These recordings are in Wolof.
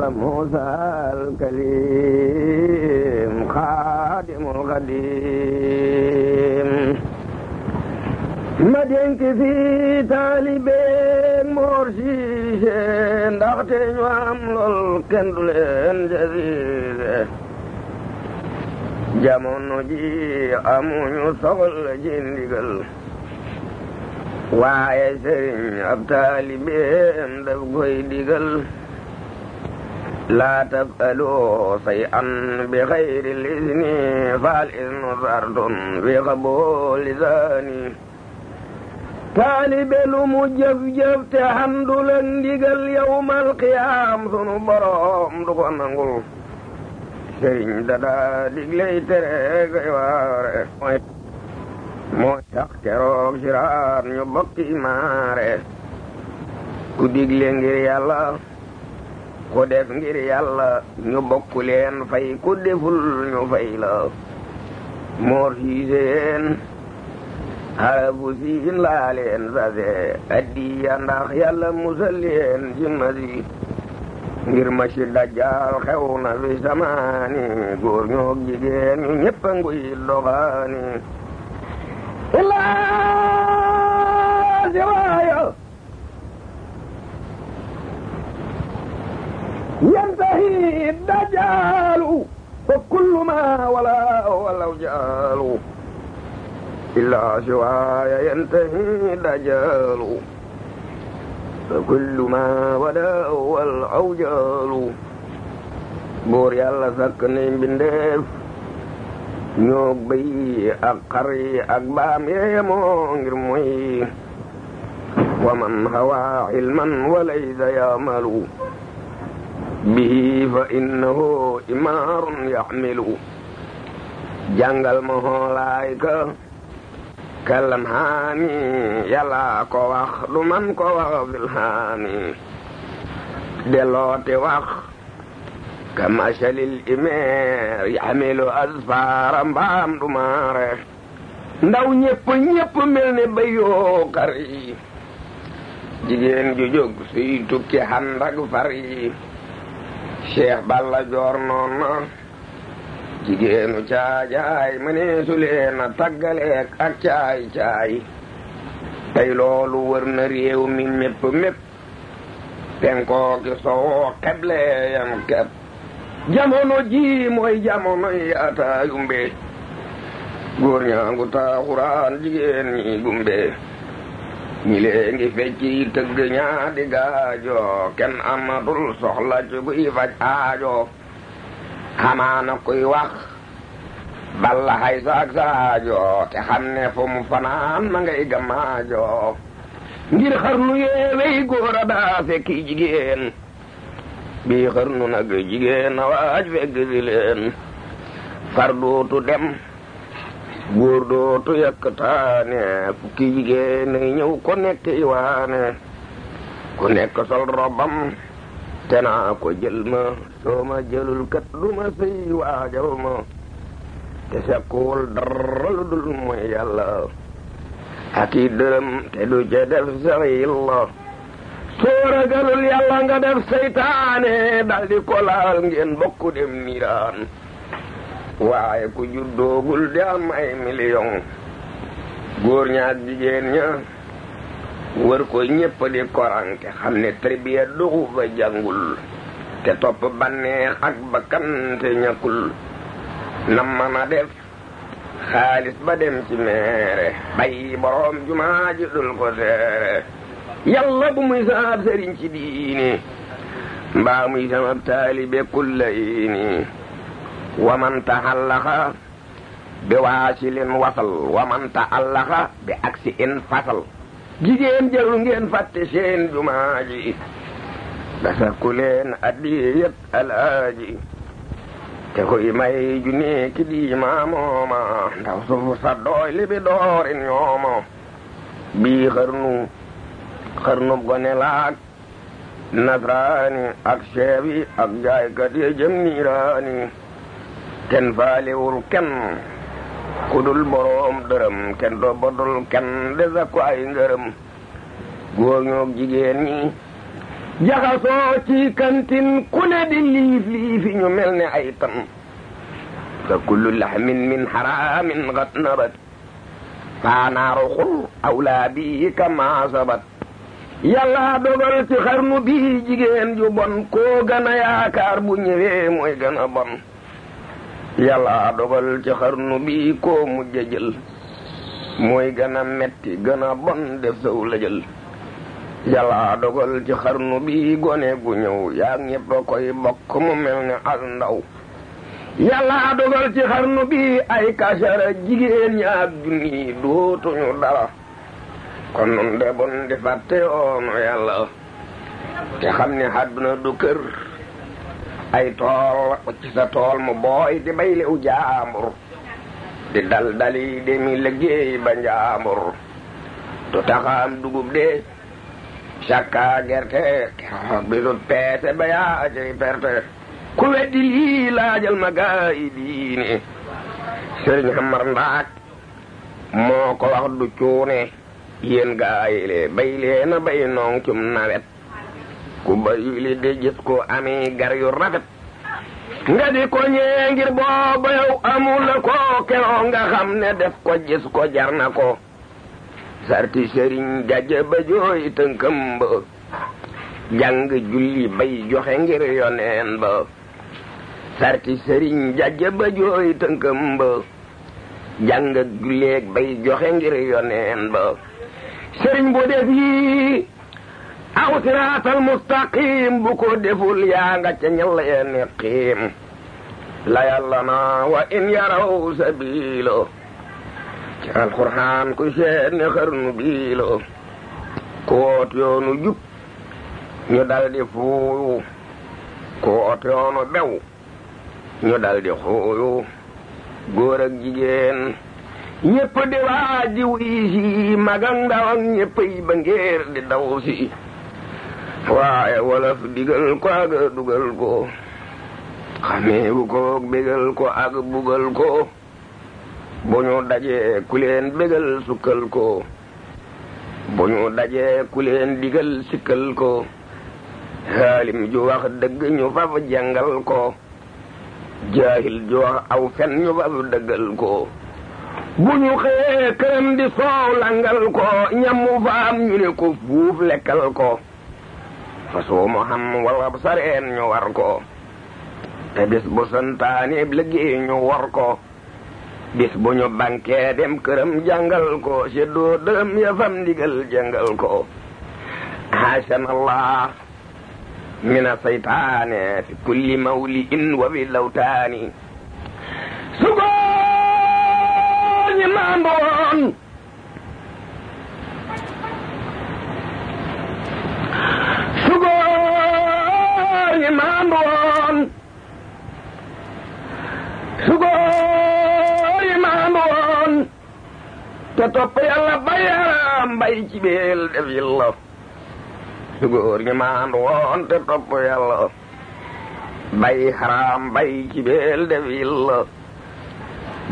موسى الكليم خادم القديم ma fi taalibe Mor Cissé ndaxte ñu am lool kenn du leen jasise jamono ji amuñu waaye sëriñ ab taalibeem daf koy لا تفعلوا شيئا بغير الإذن فالإذن فرد بقبول ذاني taalibe lu mu jëf-jëf te xamdu la ndigal sunu borom du ko nangul dada digley tere gay waare mooy mooy tax keroog siraat ñu bokki maare ku digle ngir yàlla ku def ngir yàlla ñu bokk leen fay ku deful ñu fay moor siiseen harabu siin laa leen sase addiya ndax yàlla musal leen ci ngir masi dajjaal xew fi samaani góor ñoo jigéen ñu ñëpp a nguy doxaani ilaa siwaaya ينتهي الدجال فكل ما ولا ولو جال إلا شواي ينتهي الدجال فكل ما ولا ولو جال buur yàlla sakk ni mbindeef ñoo bëy ak xar yi ak baam yeemoo ngir muy wa man hawa ilman walaysa yaamalu bihi fa innahu imaarun yaxmilu jàngal ma xoolaay ka kallam haani yàlla ko wax du man ko wax fil haani deloote wax ka masalil imeer yaxmilu asfaara mbaam du maare ndaw ñépp ñépp mel ne ba yookar yi jigéen ju jóg tukki xan rag Cheikh Balla Joor noon na jigéenu caajaay mënee su leen a taggaleek ak caay caay tey loolu wër na réew mi mépp mépp penkoo ki sowoo yam xeb jamono ji mooy jamono yi ataayu mbe góor ñaangu taaxuraan jigéen ñi gumbe ñi fecci tëgg ñaati kenn amatul soxla ci buy faj aajo xamaana wax balla xay saak saajo te xam ne fanaan ma ngay gamaajo ngir xarnu yeewey góor daa fekki jigéen bii xarnu nag jigéen a waaj fekk far dootu dem góor dootu yàkk taane fukki jigéen ay ñëw ko nekk iwaane ku nekk sol robam te naa ko jël ma jëlul kat du ma sëy waajaw te sekkuwul dara lu dul mooy yàlla ak i dërëm te du ca def sax yilla soo ragalul yàlla nga def seytaane daldi ko laal ngeen bokku dem niiraan waaye ku juddoogul di am ay million góor ñaak jigéen ña ko ñépp di korante xam ne tërbiya doxu ba jàngul te topp banneex ak bakkan te ñàkkul nam mën def xaalis ba dem ci meere bàyyi boroom jumaa dul ko seere yàlla bu muy saab sëriñ ci diini mbaa muy samab taalibe kulla ini wa man taxallaxa bi waasilin wasal wa man taxallaxa bi aksi in fasal jigéen jarul ngeen fàtte seen jumaa ji dasa ku leen addiyat alaaji te koy may ju néeki diima mooma ndaw suuf sa dooy li bi doorin ñoomo bii xarnu xarnub gone laak nasraani ak ceebi ak jaaykat ye jëm niiraani kenn faalewul kenn ku dul boroom dërëm kenn doobatul kenn de sakku ay ngërëm góor ñoog jigéen ñi jaxasoo ci kantin ku ne di liif liifi ñu mel ni ay tan fa kullu laxmin min xaraamin xat nabat faa naaru xul awlaa bii kama sabat yàlla dogal ci xarnu bii jigéen ju bon koo gën a yaakaar bu ñëwee mooy gën a bon yàlla dogal ci xarnu bi koo mujj a jël mooy gën a metti gën a bon def saw jël yàlla dogal ci xarnu bi gone gu ñëw yaa ñépp a koy bokk mu mel ne as ndaw yàlla dogal ci xarnu bi ay kasara jigéen ñi ak junni dootuñu dara kon nun de bon di fàtte oonu yàlla te xam ne àdduna du kër ay tool ci sa tool mu booy di bay lew jaambur di dal dali demi liggéey ba njaambur du taxaam dugub de sakka gerte keroog bi du laajal ma gaa diine sëriñ Amar Ndaak moo ko wax du cuune yi le bay lee na bay noong cum nawet ku bayi li di gis ko amee gar yu rafet nga di ko ñee ngir booba yow amul ko keroo nga xam ne def ko gis ko jar na ko sarti sëriñ jaje ba jooy tënkam ba jàng julli bay joxe ngir yoneen ba sarti sëriñ jaje ba jooy tënkam ba jàng julleeg bay joxe ngir yoneen ba sëriñ bu def yii aw siraatal mustaqim bu ko deful yaa nga ca ñal yenn xiim la yàlla wa in yaraw sabilo ci alxuraan ku seen ni xarnu biilo koot yoonu jub ñu dal di fuuyu koot yoonu bew ñu dal xuuyu góor ak jigéen ñépp di waaji wiisi mag ak ndaw ak ba ngéer di daw waaye wolof digal ko ak dugal ko xamee bu ko bégal ko ak bugal ko bu ñu dajee ku leen bégal sukkal ko bu ñu dajee ku leen digal sikkal ko xaalim ju wax dëgg ñu faf jàngal ko jaahil ju wax aw fen ñu faf dëggal ko bu ñu xëyee këram di soow langal ko ñamu faam ñu ne ko fuuf lekkal ko fa suumu xam wal ab sareen ñu war ko te bis bu santaanib liggéey ñu war ko ñu bankee dem këram jàngal ko si doo dërëm ya fam ndigal jàngal ko hasan mina saytaane fi kulli mawli in wa lawtaani su ko ñi maandoon góor ñi maandu woon su góor ñi maandu woon te topp yàlla ba yaram bay ci beel def yàlla su góor ñi maandu woon te topp yàlla bay xaraam bay ci beel def yàlla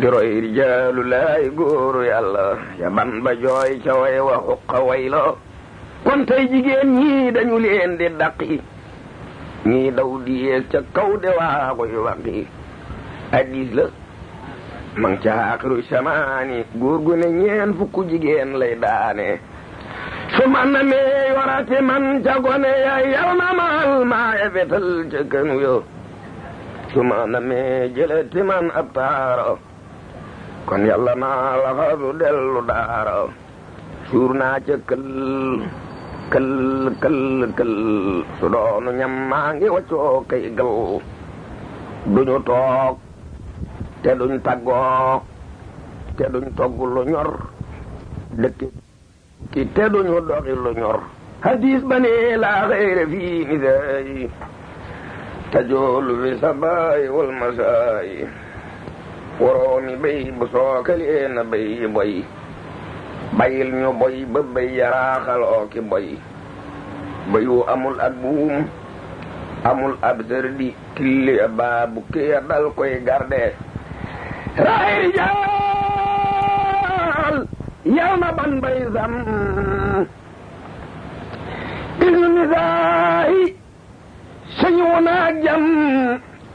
di roy rijaalu laay góoru yàlla ya ban ba jooy ca way wa xuqa way la kon tey jigéen ñii dañu leen di daqi ñii daw di ca kaw de waa koy waqi addis la ma ca aaxiru samaani góor gu ne ñeen fukku jigéen lay daane su man na mee yorati man ca gone ya yal na maal maa fetal ca kanu yo su man na mee jëlati man ab taaro kon yàlla naa la xasu dellu daaro suur naa ca këll këll këll këll su ñam maa ngi waccoo kay gal duñu toog te duñ tàggoo te duñ togg lu ñor dëkk ki te duñu doxi lu ñor hadis ba laa xayra fii nisaay tajoolu fi sabaay wal masaay waroomi bay bu sookalee na bay boy bayil ñu boy ba bay yaraaxal oo ki boy bayu amul ak buum amul ab sërdi killi baa bu kiya dal koy garde ray jaal yal na ban bay sam illu nisaay sañu naa jam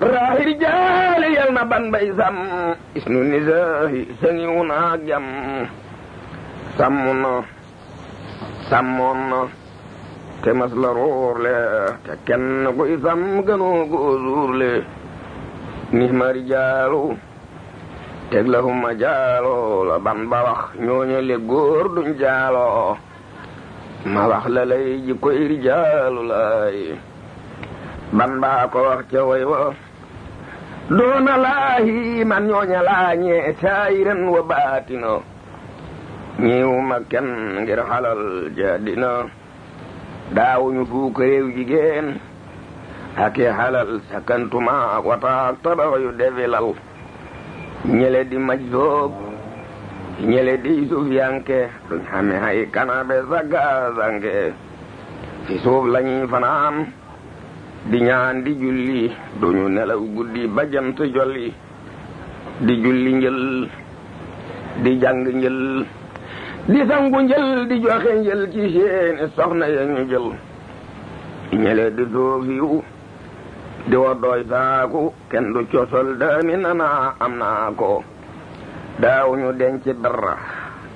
raahir jaal yal na ban bay sam isnu nisaahi sañu naa jam sàmm na sàmmoon na te mas la ruurle te kenn kuy sàmm gënoo goo zuurle nihma rijaalu teg la huma jaalo la ban ba wax ñooñu le góor duñ jaalo ma wax la lay koy rijaalu lay ban baa ko wax ca way wa doona laahi man ñooña laañee saayiran wa baatino ñiw makken ngir xalal jaadina daawuñu fuuk réew jigéen ak i xalal sakkantuma wataak tabax yu defilal ñele di maj soob ñele di suuf yanke duñ xame ay kanabe sagga sanke ci suuf lañuy fanaan di ñaan di julli duñu nelaw guddi ba jolli di julli njël di jàng njël di sangu njël di joxe njël ci seeni soxna ya jël ñele di suuf di war saaku kenn cosol daami nanaa am naa ko daaw ñu denc dara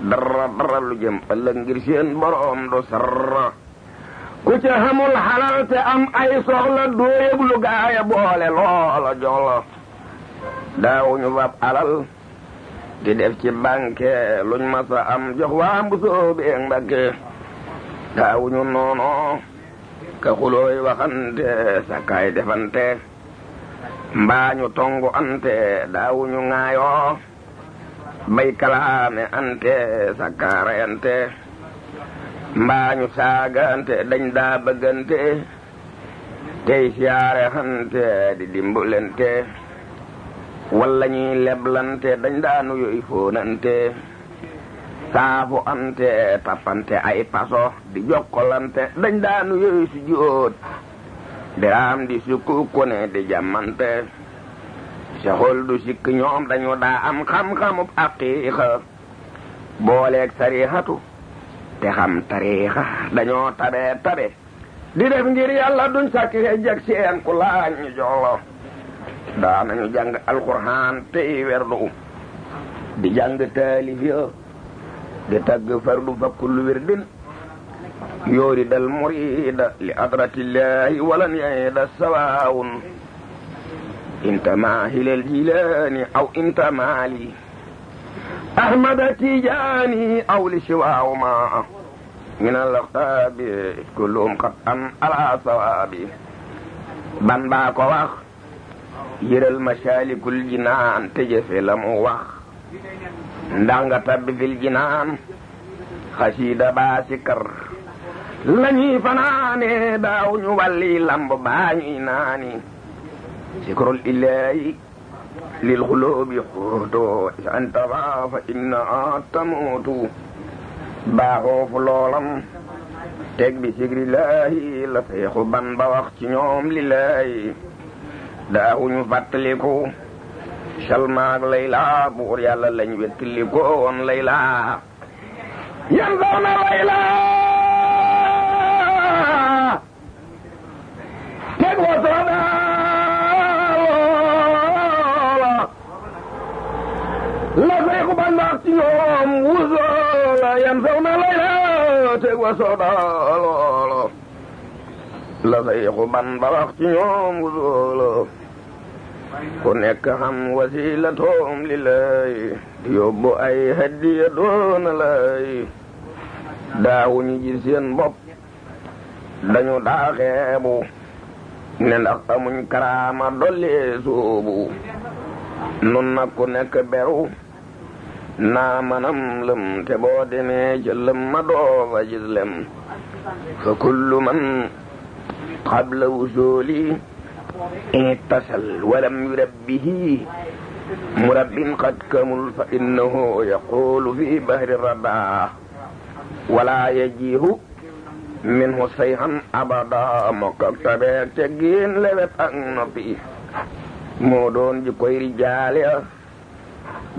dara dara lu jëm ëllëg ngir seen boroom du sarra ku ca xamul xalal te am ay soxla dóoyëg lu gaaya boole loola jox la ñu fab alal di def ci banque luñ mas am jox waa mbusoo bi mbakke daawuñu noono ka xulooy waxante sakkaay defante mbaa ñu tongu ante daawuñu ŋaayoo bay kalaame ante sakkaarayante mbaa ñu saagante dañ daa bëggante tey siyaare xante di dimbalante walla ñuy leblante dañ daanu yoy fóonante saafu ante tapante ay paso di jokkolante dañ daanu yoy si jóot diraam di sukku ku ne di jàmmante sexol du sikk ñoom dañu daa am xam-xamub aqiiqa booleeg sarixatu te xam tariixa dañoo tabe tabe di def ngir yàlla duñ sàkki xejjak seen ku laaj ñu daanañu jàng alxuraan tey werdu di jàng taalif ya di tagg fardu fa kullu wirdin yoori dal murida li adratillahi walan yayda sawaawun intama hilal jilaani aw intama li ahmada tijaani aw li siwaawuma min alaxtaabi kulluhum qat an ala sawaabi ban baa ko wax yëral masaalikul jinaan te jëfe la mu wax ndax nga tabbi fil jinaan xasiida baa sikar lañuy fanaane daaw ñu walli lamb baa ñuy naani sikarul ilaahi lil xuloobi xuutoo santaba fa inna tamuutu baaxoo fu loolam teg bi sigrillaahi la feexu ban ba wax ci ñoom lillaahi daawuñu fàttaliku salmaag layla buur yàlla lañ wettilikoon layla yan sawna layla teg wasoona la seexu ba ndax ci ñoom wusoola yan sawna layla teg wasoona loolo la sayxu ban ba wax ci ñoom wusoolo ku nekk xam wasilatoom li lay di yóbbu ay haddiya doona lay daawuñu ji seen bopp dañu daaxeebu ne ndax amuñ karaama dolli soobu nun nag ku nekk beru naa manam lëm te boo demee ca lëm ma doo fa fa kullu man قبل وصولي إن اتصل ولم يرب به مرب قد كمل فإنه يقول في بهر الرباح ولا يجيه منه سيحا أبدا مكتبه تجين لبت ak noppi moo doon ji koy rijaale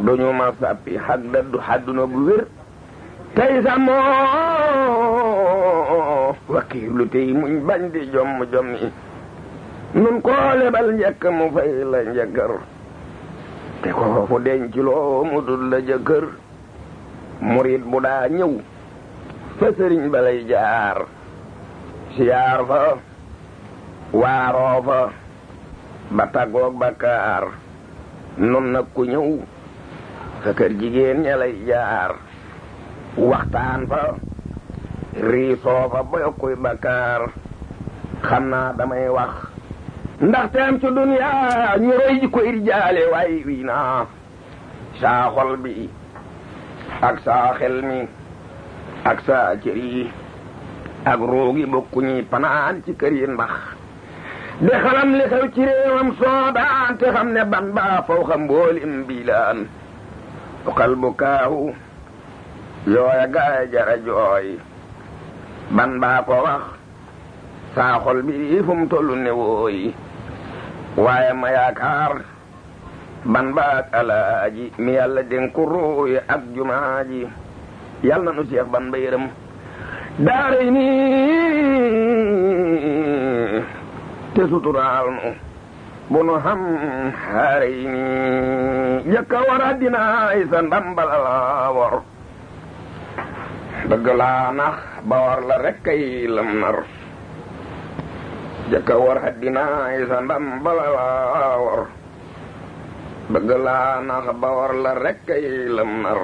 duñu ma sappi xag daddu xadduna bu wér tey sa moo wakiilu tey muñ bañ di jomm jommi nun koo lebal njëkk mu fay la njëkkër te ko fu denc mu dul la jëkkër murit bu daa ñëw fa sëriñ ba jaar siyaar fa waaroo fa ba bakkaar nun nag ku ñëw kër jigéen ña jaar waxtaan fa riisoo fa ba yokkuy bakkaar xam naa damay wax ndax teem ci duniyaa ñu roy ji ko irjaale waaye wii naa saa xol ak saa xel mi ak saa cër ak ruugi bokkuñi panaan ci kër yi ndax de xalam li xew ci réewam soodaan te xam ne ban baa faw xam mboolim biilaan xal bu kaawu yooya gaay jara jooy wax saa xol bi mu tollu ne wooyi waaye ma yaakaar alaaji mi yàlla dénk ko ruuy ak jumaaji yàlla na nu seex ban ba yërëm te suturaal nu bu nu xam xaaray ni jëkka sa ndambal la dëgg laa nax ba war la rek ay lam nar jëkka war xaddinaay sa ndam bala laa war dëgg laa nax ba war la rek ay lam nar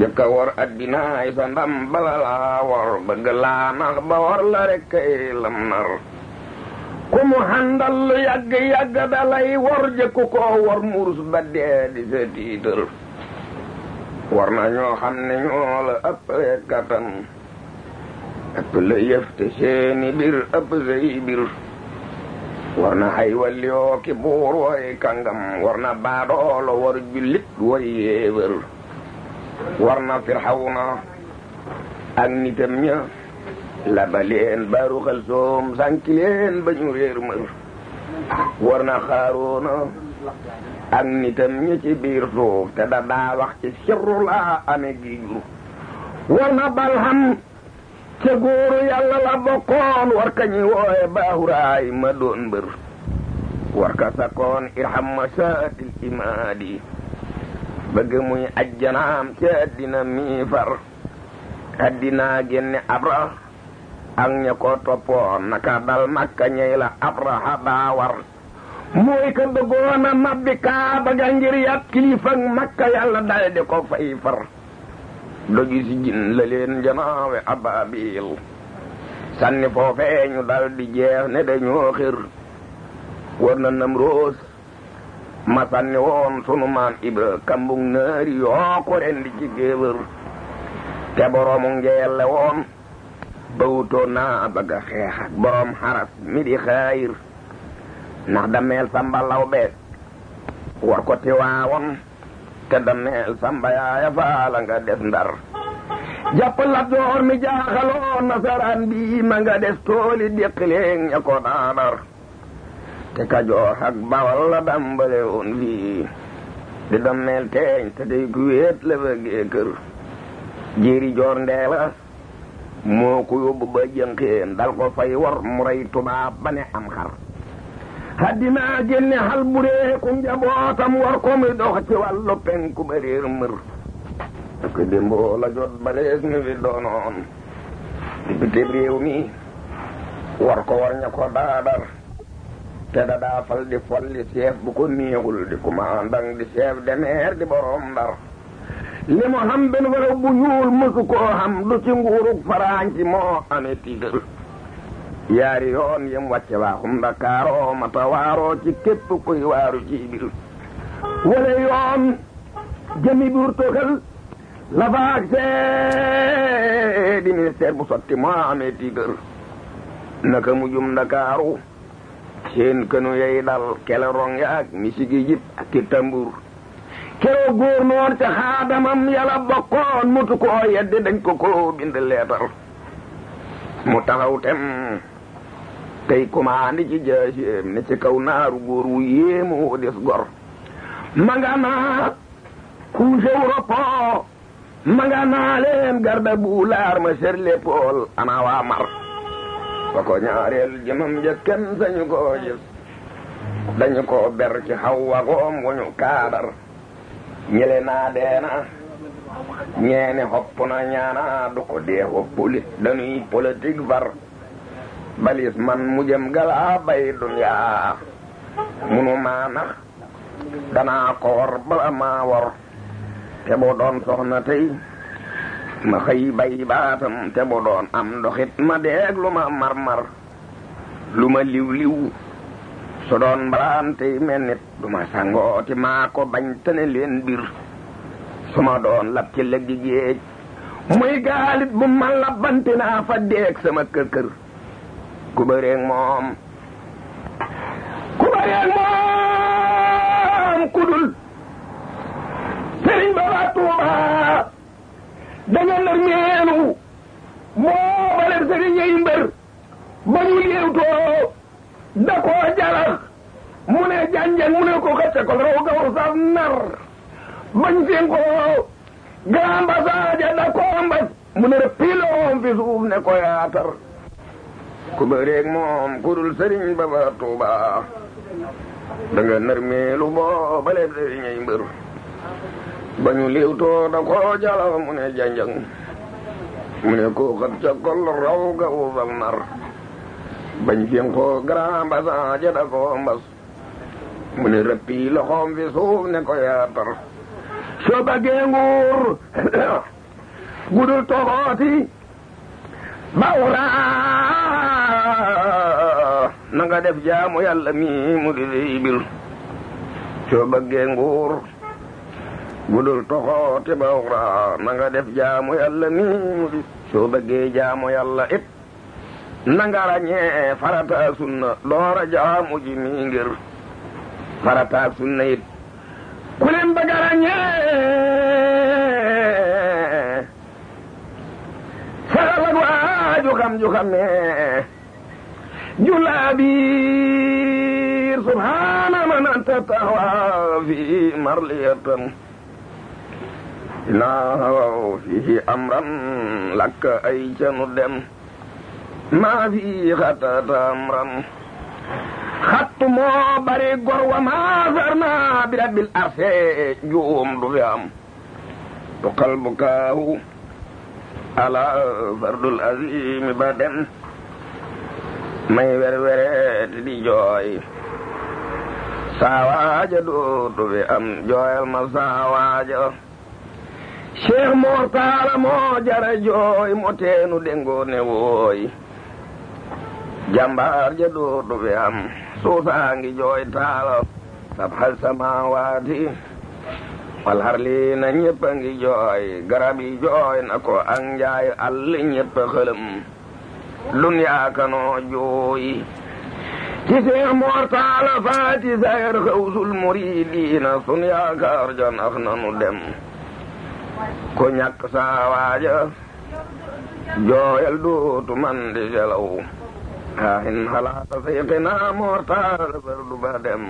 jëkka war addinaay sa ndam bala laa war dëgg laa nax ba war la rek ay nar ku mu xàndal lu yàgg-yàgg dalay war jëkku koo war murus ba dee sa tiitër war na ñoo xam ne ñoo la ëppale kattan te seeni bir ëpp say bir war na ay walliyoo ki way kàngam war na baadoolo war jullit way yéewér firxawna ak nitam ña labaleen baaru xel soom sànkileen ba ñu réer mër xaaroona ak nitam ñi ci biir suuf te da daa wax ci sirru laa ame giiru war na balham ca góoru yàlla la bokkoon war ka ñi wooye baahuraay ma doon mbër war ka sakkoon irham masaatil imaadi bëgg muy ajjanaam ci addina mii far addinaa génne abra ak ña ko toppoon naka dal makka ñey la abraha daa war mooy ka dëggoon a mabbi kaaba ga ngir yàpp makka yàlla daldi ko fay far dogi si janaawe ababil sànni foofee daldi jeex ne dañoo xir war na nam roos ma sànni woon sunu maam ibra kambung naari yoo ko rendi ci géewër te boroomu ngeelle woon bawutoo naa bëgg a xeex ak mi di xaayir ndax dameel samba lawbe war ko tiwaawoon te dameel samba yaaya faala nga des ndar jàpp la door mi jaaxaloon nasaraan bi ma des tooli déqileeg ña ko naadar te kajoor ak bawal la dambale woon fii di dameel teeñ te day ku la bëggee kër jéeri joor ndeela moo ko yóbbu ba jënqeen dal ko fay war mu rey tubaab ba am xar haddinaa génne xal bu njabootam war ko muy penku ba mër ak démboo la jot ba mi fi doonoon député réew mi war war ña daadar te da di folli chef bu ko néexul di commandant di chef de maire di borom ndar li mu xam benn bu ñuul mësu koo xam du ci nguurug faranci yaari yoon yem wàcce waaxum ndakaaroo mata waaroo ci képp koy waaru ci biir wala yoon jëmi buur toogal bu sotti moo amee tiigar naka mujum ndakaaru seen kënu yey dal kele rong yaag misigi jib ak ki tambuur keroo ca xaadamam yàlla bokkoon mutu koo yedde dañ ko ko leetar mu taxaw tey kuma ni ci ne ci kaw naaru góor wu yéemoo des gor mangana kuusew roppo mangana leen garda bu laar ma ser lepool ana waa mar ba ko ñaareel jëmam ja kenn sañu koo gis dañu ko ber ci xaw wagoom wuñu kaadar ñele naa deena ñeene hopp na ñaana du ko dee hoppulit dañuy politique far balis man mu jëm galaa bay duniyaa munu maa nax danaa ko wor bala maa wor te doon soxna tey ma xëy bay baatam te bu doon am ndoxit ma deeg lu ma marmar lu ma liw liw su doon mbalaan tey mel nit du ma sangooti maa ko bañ te leen bir su ma doon lab ci lëggi muy gaalit bu ma labbante fa deeg sama kër kër ku bëreeg moom ku bëreeg moom ku dul Serigne Baba Touba danga nar meelu moo baleeb Serigne yey mbër ba ñu léewtoo da koo jarax mu ne janjan mu ne ko xëcce ko raw gaw saf nar bañ seen ko grand mbasaaja da koo mbas mu ne rek piiloom fi suuf ne ko yaatar ku bëreeg moom ku dul sëriñ ba ba Tuuba da nga nar meelu boo baleeb sëriñay mbër ba ñu liwtoo da koo jala mu ne janjang mu ne ko xat ca kol raw ga uusal nar bañ fiŋ ko grand basan ja da koo mbas mu ne rëppi loxoom fi suuf ne ko yaatar soo bëggee nguur gudul toxooti bawraa na nga def jaamu yàlla mi mu di lay bil soo bëggee nguur gudul toxo te bawra na nga def jaamu yàlla mi mu di soo bëggee jaamu yàlla it na nga ràññee farata sunna doora jaamu ji mi ngir farata sunna it ku leen bëgg a ràññee farawag waaju xam ju xamee جلابير سبحان من تتوى في مرلية إلا فيه أمرا لك أي جندم ما في خطأت أمرا xat moo bari gor wa maasarna bi rabbil arse juum du fi am tuqal bukaahu ala fardul azimi ba may wer were jooy saawaaja dootu am jooyal ma saawaaja cheikh mortala moo jara jooy mo teenu dengoo ne wooy jambaar ja dootu am suusaangi jooy taala sabhal samawaati wal harli na ñëpp ngi jooy garab yi jooy na ko ak njaay àll ñëpp dunyaa kanoo jooyi ci seex faati sayar xawsul muridiina sun yaakaar ja dem ko ñàkk saa jooyal dootu man selaw haa hin xalaata sayqinaa moor taala dem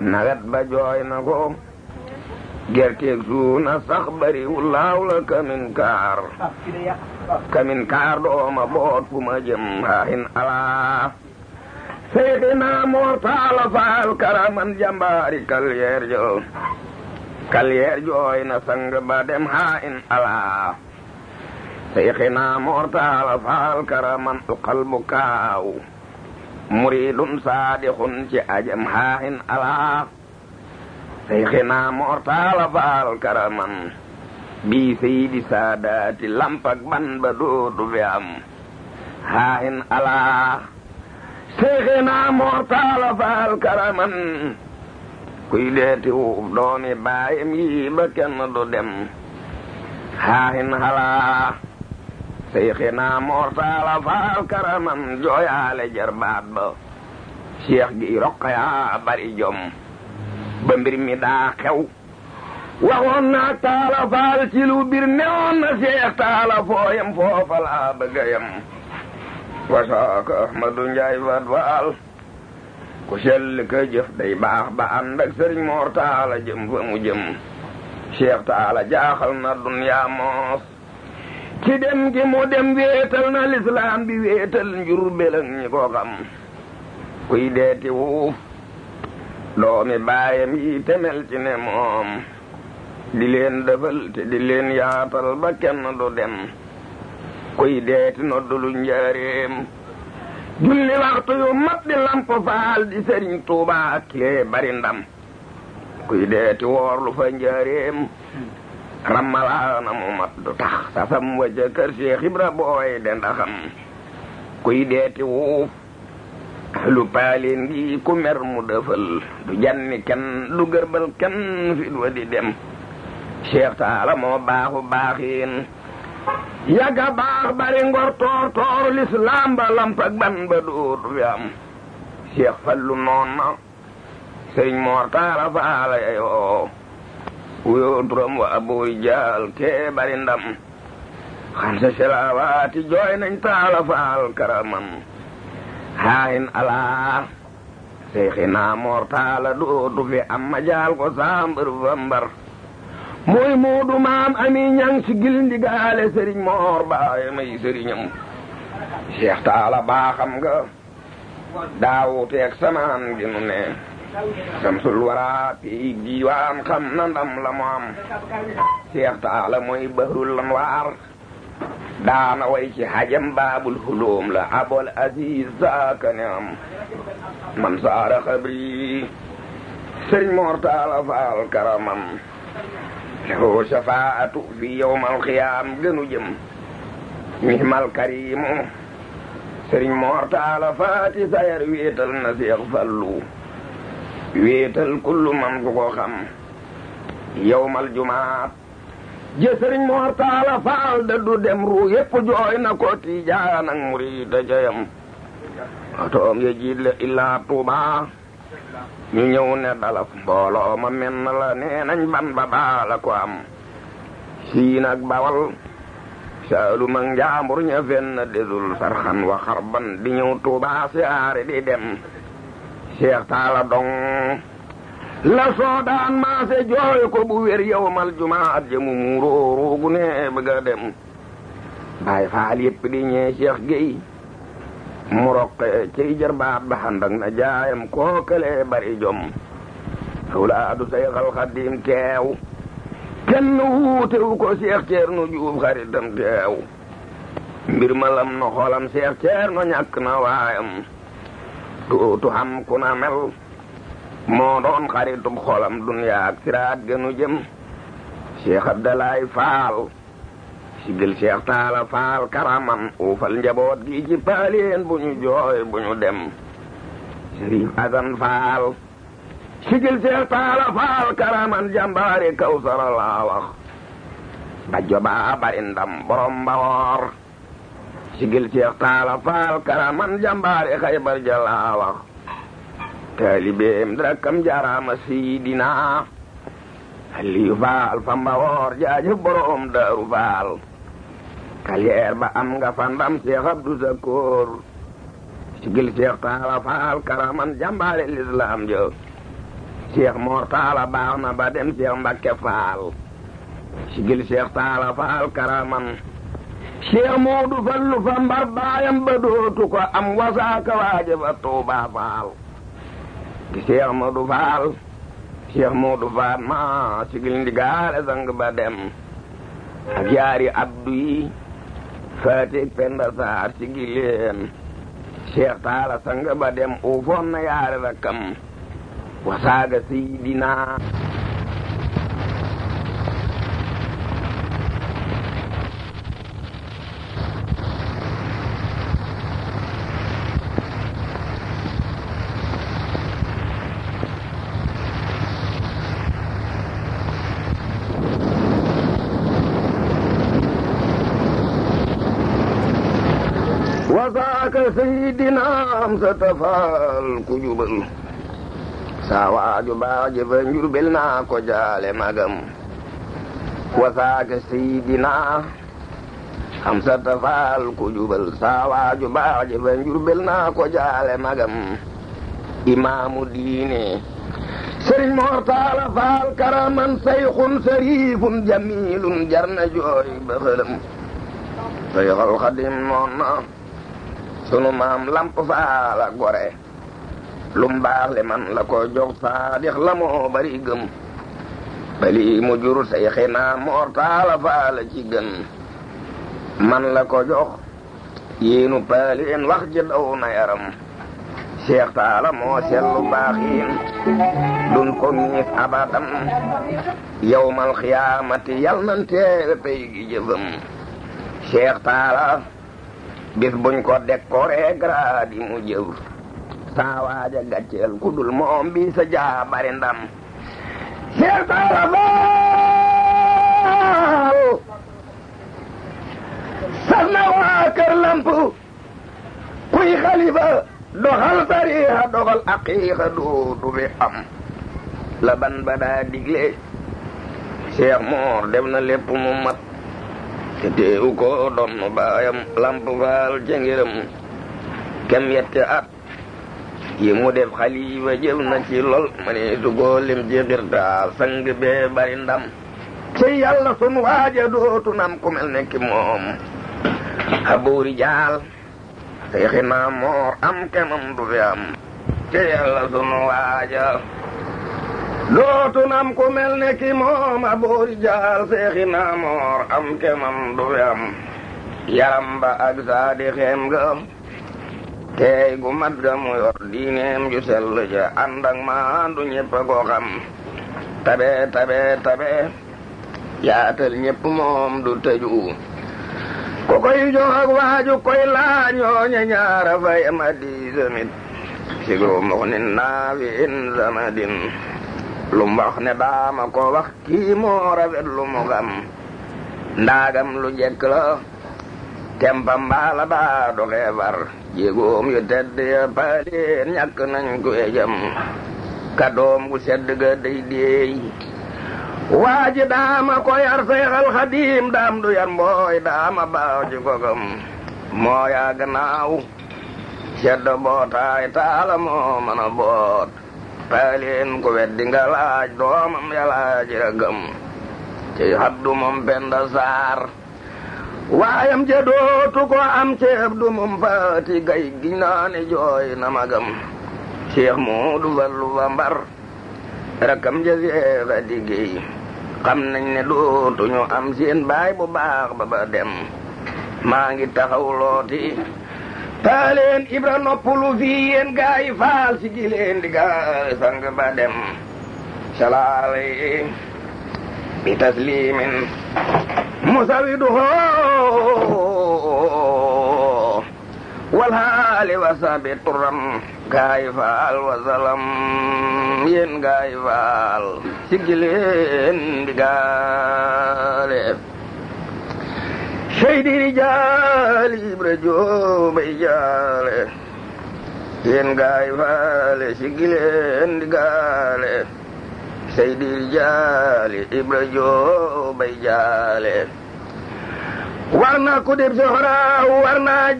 nawet ba jooy ko gerteeg suuna sax bariwul la kamin kaar kamin kaarɗoma ɓoot fuma jëm ha hin ala seydina mortala faal karaman jambaari kalyeerjo kalyeerjo oyna sang ba dem ha in ala seykhina mortala faal karaman alqalbu kaaw muridun saadihun ci ajam ha in ala seykhina mortala faal karaman bii sayidi saadaati lampak ban ba dootu fi am haahin alaa seyxina mortala faal karaman kuy deeti wuuf doomi baayam yi ba kenn du dem haahin alaa seyxina mortala faal karaman jooyaale jarbaat ba cheikh gi roqaya bari jom ba mbir mi daa xew waxoon naa taala faal ci lu bir na seex taala fooyam foofa laa bëgg a yem njaay fat faal ku sell ka jëf day baax ba ànd ak sëriñ jëm fa jëm seex taala jaaxal na dunyaa moos ci dem gi mu dem wéetal na lislaam bi wéetal njur belëg ñi ko xam kuy deeti wuuf doomi baayam yi temel ci ne moom di leen dëbal te di leen yaatal ba kenn du dem kuy deeti noddulu njaareem julli waxtu yu mat di faal di sëriñ tuuba ak kilee bari ndam deeti woorlu fa njaareem rammalaana mu mat du tax sasam wa ca kër booy de ndaxam kuy deeti wuuf lu paaleen ku mer mu du janni kenn du gërbal kenn fi du di dem Cheikh Taala moo baaxu baaxiin yàgga baax bari ngor toor toor lislaam ba lamp ban ba duut fi am Cheikh Fallu noon na Moor Taala Faala yoo wuyoo turam wa abuy jaal kee bari ndam xan sa selaawaati jooy nañ Taala Moor Taala duutu fi am ma jaal ko saambër muy muudu maam ami si gil ndigaale moor baaye may sëriñam Cheikh Taala baaxam nga daawuteeg samaan gi nu ne samsul wara pii xam na ndam la mu am Taala mooy bahrul lanwaar daana way ci hajam baabul hulum la abol aziz saaka ne am man saara xabri sëriñ moor taala faal karamam lahu shafaatu fi yowmal xiyaam gënu jëm mihmal karimu sëriñ Mor Talla faati sayar wéetal na Seex Fallu wéetal kullu man ku ko yowmal jumaat jë sëriñ Mor Talla Faal da dem ru yépp jooy na ko tiijaan ak muriid a jayam otoom ya jiit la illaa ñu ñëw ne dalaf mbooloo ma menn la nee nañ ban ba baa ko am siin ak bawal saalum ak njaambur ña fenn desul sarxan wa xarban di ñëw tuubaa siyaare di dem seex taala dong la soodaan maase jooy ko bu wér yowmal jumaat jëmu muuroo ruugu ne bëgg a dem baay faal yépp di ñee seex géy mu roqee ciy jarbaat ba xandak na jaayam kookalee bari jom awlaadu Seyxal Xadiim teew kenn wuutewu ko Seex Ceerno Juuf xaritam teew mbir ma lam xolam Seex Ceerno ñàkk na waayam tuutu xam ku na mel moo doon xaritub xolam dunyaak siraat gënu jëm Seex Abdalaay Faal sigil Cheikh Taala Faal karamam uufal njaboot gi ci paaleen bu ñu jooy bu ñu dem Sëriif Asan Faal sigil Cheikh Taala Faal karaman jàmbaari Kawsara laa wax bajjo baa bari ndam borom mbawoor sigil Cheikh Taala Faal karaman jàmbaari Xaybar ja laa wax taalibeem darakkam jaaraama siidina Aliyu Faal fa mbawoor jaajëf borom Faal kaleer ba am nga fa ndam Seex Abdu Sakoor sigil Seex Taala Faal karaman jàmbaare lislaam jo Seex Moor Taala baax na ba dem Seex Mbakke Faal sigil Seex Taala Faal karaman Seex Moodu Fallu fa mbar baayam ba dootu ko am wasaaka waaje fa Tuubaa Faal ki Seex Moodu Faal Seex Moodu Faat ma sigil ndigaale sang ba dem ak yaari abdu yi faatik penda saar ci taala sang ba dem uufoon na yaare rakkam wasaaga siidina am sa tafaal ku jubal saa waaju baaje fa njurbel naa ko jaale magam wasaake seydina am sa tafaal ku jubal saa waaju baaje fa njurbel naa ko jaale magam imaamu diine sëriñ mortaala faal karaman sayxun sariifun jamilun jarna jooy ba xëlam sayxal xadim noon na sunu maam lamp faal gore lum baax man la ko jox saadix la moo bari gëm bali mu jur say xinaa moor taala faala ci gën man la ko jox yéenu paali en wax ji daw na yaram taala moo sellu baaxiin dun ko miis abadan yawmal xiyaamati yal nan teewe pay gi jëfam cheikh taala bis buñ ko décoré grade yi mu jëw saa waaja ku dul moom bi sa jaa bari ndam Cheikh Bara na waa kër lamp kuy xalifa doxal tariixa doxal aqiixa du du fi la ban ba daa digle Cheikh Mor def na lépp mu mat te teewu ko doon baayam lamp faal ca ngiram kem yette at yi mu def xalifa jël na ci lool ma ne su ko lim sang bee bari ci yàlla sun waaja dootu nam ku mel ne ki moom xabuuri jaal ci yàlla sun waaja dootu nam ku mel ne ki moom aboori jaal seexi naamoor am kemam du fi am ak saadi xeem ga tey gu mat ga mu yor diineem ju sell ja ànd ak maandu ñépp a tabe tabe tabe yaatal ñépp moom du tëju ku koy jox waaju koy laa ñooña ñaara fay ama di samit sigru muxnin naafi in samadin lu mu wax ne daama ko wax kii moo rafet lu mu xam ndaagam lu njëkk la tempa mbaala baa doxee far jéegoom yu tedd ya paaleen ñàkk nañ ko jëm kadoom gu sedd ga day déey waa daama ko yar seexal xadiim daam du yar mbooy daama baaw ji kogam moo yaa gannaaw sedd bootaay taala moo mën a boot taalin ku weddi nga laaj doomam ya laaj ragam ci habdu moom penda saar waayam ca dootu ko am ci habdu moom faati gay gi naa jooy na magam Cheikh Moodu Fallu fa mbar rakam ja Cheikh a digéey xam nañ ne dootuñu am seen baay bu baax ba ba dem maa ngi taaleen ibra noppalu fii yéen gaa di gaal sang ba bi taslimin musawidu hoo walhaali wasabi turam gaa yi faal wasalam yéen gaa yi di gaale seydi rijaal ibra joobay jaale yéen di gaale seydi rijaal ibra joobay jaale war na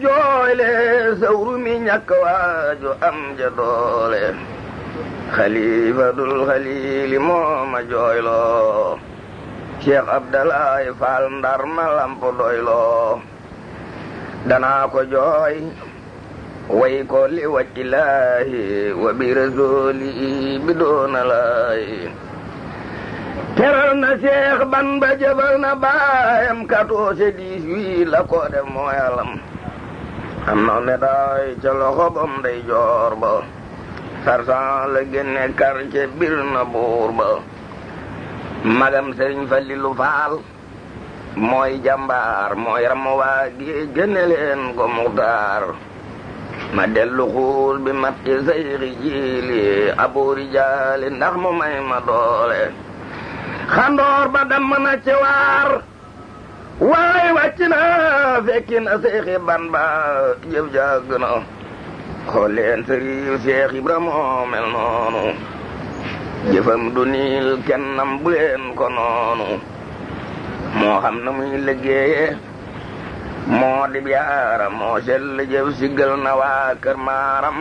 jooyle sawru mi ñàkk am ja doole xalifatul xaliili mooma jooyloo Cheikh Abdalaay Faal Ndar ma lamp doyloo danaa jooy way ko li laahi wa bi rasuuli bi doona laahi teral na Cheikh ban ba jëbal na baayam quatorze dix huit la ko def mooy alam am na ca loxo bam day joor ba sarsan la génne quartier bir na buur ba magam sëriñ Fallilu Faal mooy jàmbaar mooy ram waa gi génne leen ko muxtaar ma dellu xuus bi mat ci sayri jiili aboori jaali ndax mu may ma doole xandoor ba damm na ci waar waaye wàcc na fekki na ban ba jëf jàgg na xool leen sëriñ Seex Ibra moo mel noonu jëfam du niil kennam bu leen ko noonu moo xam na muy liggéeye moo di biyaaram moo sell jëf siggal na waa maaram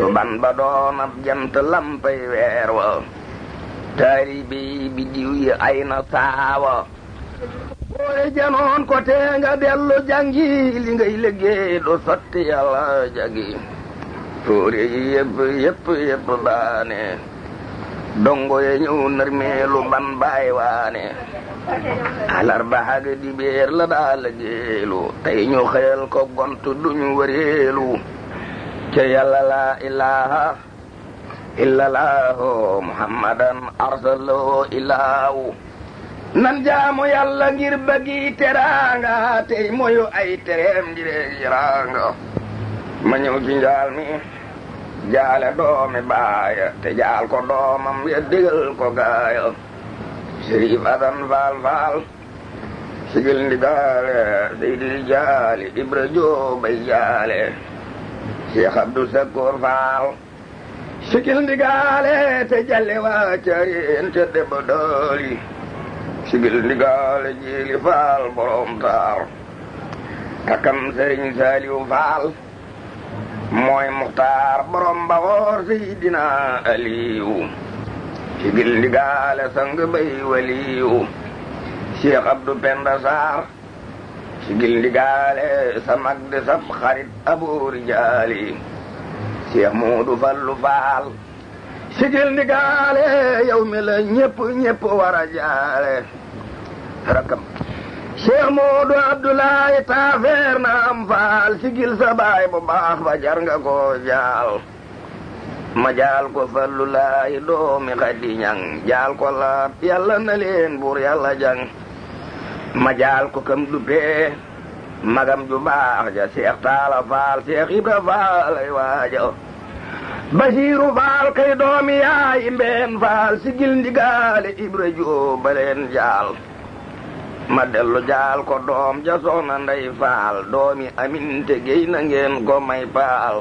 su ban ba doon jant lampay weer wa taari bi bi diw ay na saawa booy janoon ko tee nga dellu li ngay liggéey du sotti yàlla jagi tuuri yi yëpp yëpp yëpp dongo ye ñëw nërmeelu ban baay waane alarba xag di beer la daal géelu tey ñu xëyal ko gont duñu wëreelu ca yàlla laa ilaha illallahu muhammadan arsaloo ilaahu nan jaamu yàlla ngir bëggi teraanga tey moyu ay tereem ngiree yiraanga ma ñëw ci mi jaale doomi baaya te jaal ko doomam ya digal ko gaaya Sëriif Asan Faal Faal sigil ndi gaale Seydi jaali Ibra Joobay jaale Cheikh Abdou Sakkoor Faal sigil ndi gaale te jalle waa cariin te debbo dooli sigil ndi gaale jiili Faal borom taar kakam Sëriñ Saaliw Faal mooy muxtaar borom mbaxoor Seydina Aliyu ci gil ndigaale sang waliyu Cheikh Abdou Penda Sarr ci gil sa mag de sab Abu Rijaali Cheikh Moodu Fallu Faal ci gil ndigaale yow mi la ñépp war a jaale Cheikh Modou Abdoulaye taafeer na faal sigil sa bu baax ba jar ko jaal ma jaal ko fallulaay doomi xadi ñang jaal ko laat yàlla na leen buur yàlla jang ma jaal ko kam dupee magam ju baax ja Cheikh Talla Faal Cheikh Ibra Faal ay waaja Basiiru Faal kay doomi yaay mbeen faal sigil ndigaale Ibra joo baleen jaal ma dellu jaal ko doom ja soxna ndey faal doomi aminte géy ngeen ko may paal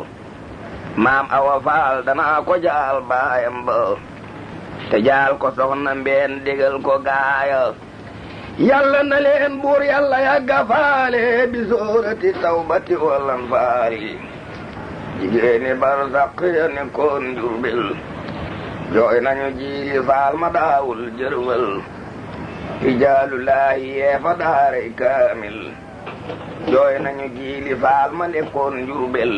maam awa faal danaa ko jaal baayam ba te jaal ko soxna mbeen digal ko gaaya yàlla na leen buur yàlla yàgga faale bi soorati tawbati wallan faari jigéeni barzaq ya nekkoon jurbil jooy nañu faal ma daawul jërwal rijaalu laahi yee fa daaray kaamil jooy nañu jiili faal ma nekkoon njurubel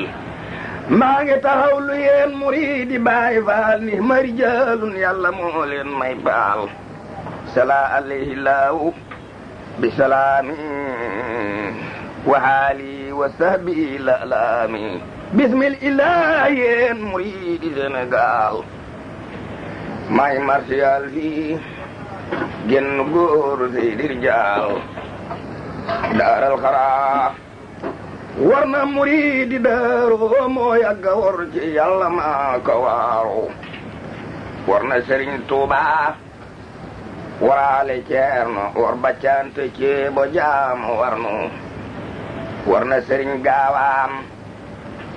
maa ngi taxaw lu yéen muriidi baay faal ni ma rijaalun yàlla moo leen may baal salaa alayhi laahu bi salaami wa haali wa sahbi la laami bismil ilaahi yéen muriidi Sénégal may martial fii génn góor si dir daaral xaraa war na muri di daaru moo yàgg a war ci yàlla maa ko waaru war na sëriñ tuuba waraale ceerno war baccante ci bo jaam war nu war na sëriñ gaawaam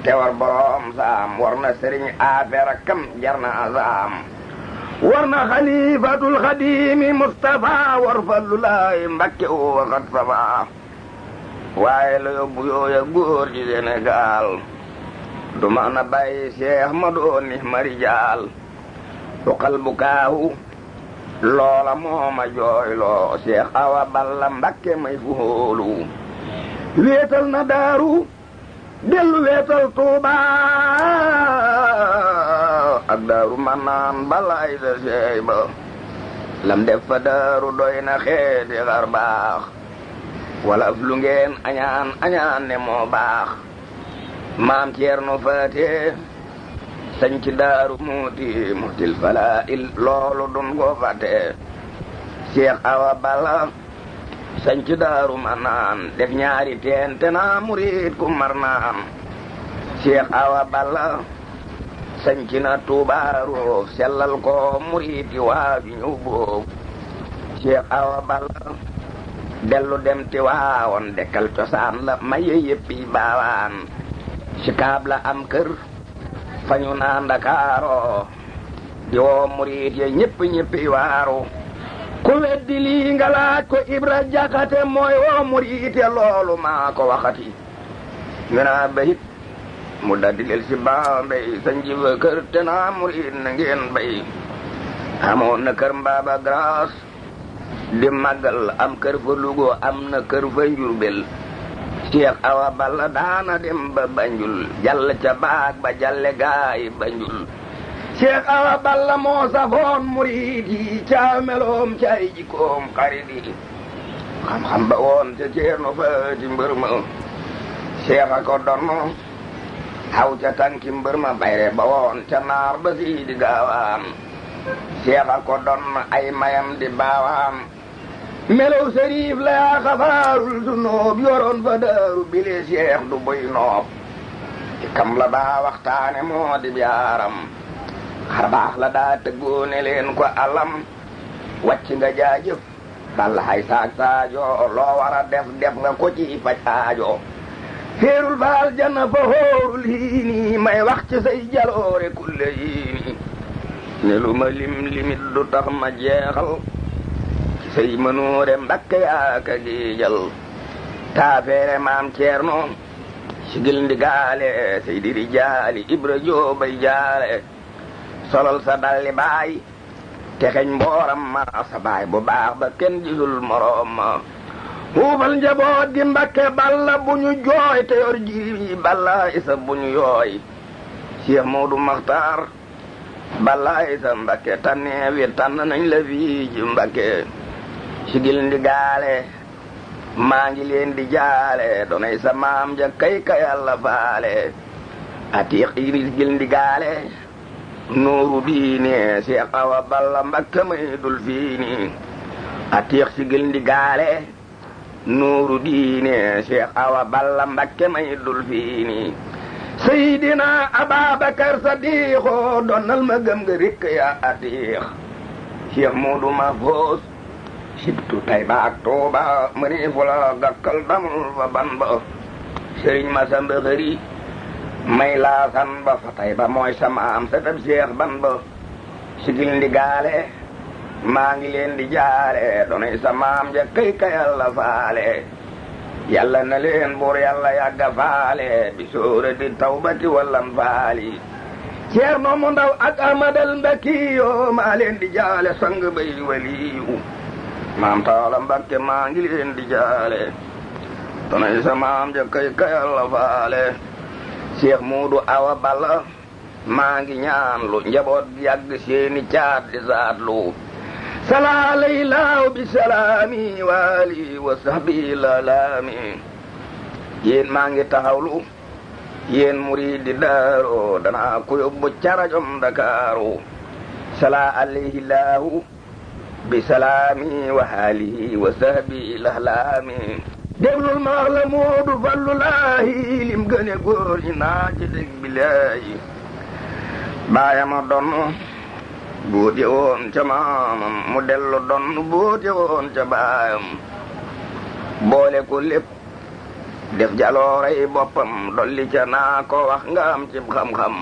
te war borom war na sëriñ afeera kam jar ورنا خليفة الخديم مصطفى ورفل الله مبكي وقد صفا waaye la yóbbu yooya góor ci Sénégal du maana bàyyi ma doon ni marijaal tuqal bu kaahu loola mooma jooyloo Cheikh Awa Balla Mbakke may fu hóolu wéetal na daaru dellu weetal tuuba ak daaru man naan balaay lam def daaru doy xeeti xar baax wala lu añaan añaan ne moo baax maam ceerno faate sañ ci daaru muuti mutil fala il loolu dun ko fate awa bala sañc daaru manaan def ñaari teen te naa murit ku mar naan Cheikh Awa Balla sañc na tuubaaroof sellal ko murit yi waa bi ñëw boob Awa Balla dellu dem ti dekkal cosaan la maye yëppi baawaan ci kaab am kër fañu naa ndakaaroo di woo murit ya ñëpp ñëppi waaru ku weddi nga laaj ko ibra jaxate mooy woo muriite loolu maa ko waxati ñu naa bayit mu daldi lel si baa mbay sanjib kër te naa na ngeen bay amoon na kër mbaaba grâce di màggal am kër fa lugo am na kër fa njurbel Cheikh Awa Balla daana dem ba banjul jàll ca baag ba jàlle gaay banjul Cheikh Awa Balla moo safoon murid yi caaw meloom ci ay jikkoom xarit yi xam-xam woon ca ceerno fa ci mbër ma a ko donn xaw ca tànki mbër ma woon ca naar ba si gaawaan Cheikh a ko donn ay mayam di baawaan melow sëriif la yaa xafaarul su noob yoroon fa daaru bile Cheikh du buy noob ci kam la daa waxtaane moo di biyaaram xar baax la daa tëggoo ko alam wàcc nga balla hay saag saajo loo war a def def nga ko ci faj aajo janna fa xóorul hiini may wax ci say jaloore kulle hiini ne ma lim du tax ma jeexal ci say mënoore mbakke yaa ka géejal taafeere maam ceerno sigil ndigaale say diri jaali ibra joobay jaale solal sa dalli baay te xeñ mbooram ma sa baay bu baax ba kenn gisul moroom xuufal njaboot gi mbakke balla bu ñu jooy te yor ji balla isa bu ñu yooy Cheikh Modou Makhtar balla isa mbakke tànnee wi tànn nañ la fii ji mbakke sigil ndigaale maa ngi leen di jaale doonay sa maam ja kay ka faale atiiq yi sigil ndigaale nuuru bii ne si xawa balla mbakka may dul fii si gël ndi gaale nuuru diine cheikh awa balla mbakke may dul fiini seydina ababakar donnal ma gëm nga rikk ya atiix cheikh foos sibtu tayba tuuba mëri gakkal damul fa ban ba ma samba may laasan ba fa tey mooy sama am sa tam seex ban ba ndi gaale maa ngi leen di jaale doonay sa ja kay ka faale yàlla na leen buur yàlla yàgga faale bi sóorati tawbati wallam faali seex moomu ndaw ak amadal mbakiyo maa leen di jaale sang bay waliyu maam taala mbakke maa ngi jaale doonay sa ja kay ka faale Cheikh Moodu Awa Balla maa ngi ñaan lu njaboot bi yàgg seeni caat di saatlu salaalay laaw bi salaami waali wa sahbi lalaami yéen maa ngi taxawlu yéen murid di daaro danaa ko yóbbu ca rajom Dakaaru sala alayhi bi salaami wa haalihi wa sahbi lalaami déglul ma wax la moodu fallu laahi lim gëne góor ñi naa ci dëgg bi laayi baayama donn boote woon ca maamam mu dellu donn boote woon ca baayam boole ko lépp def jaloorey boppam dolli ca naa ko wax nga am ci xam-xam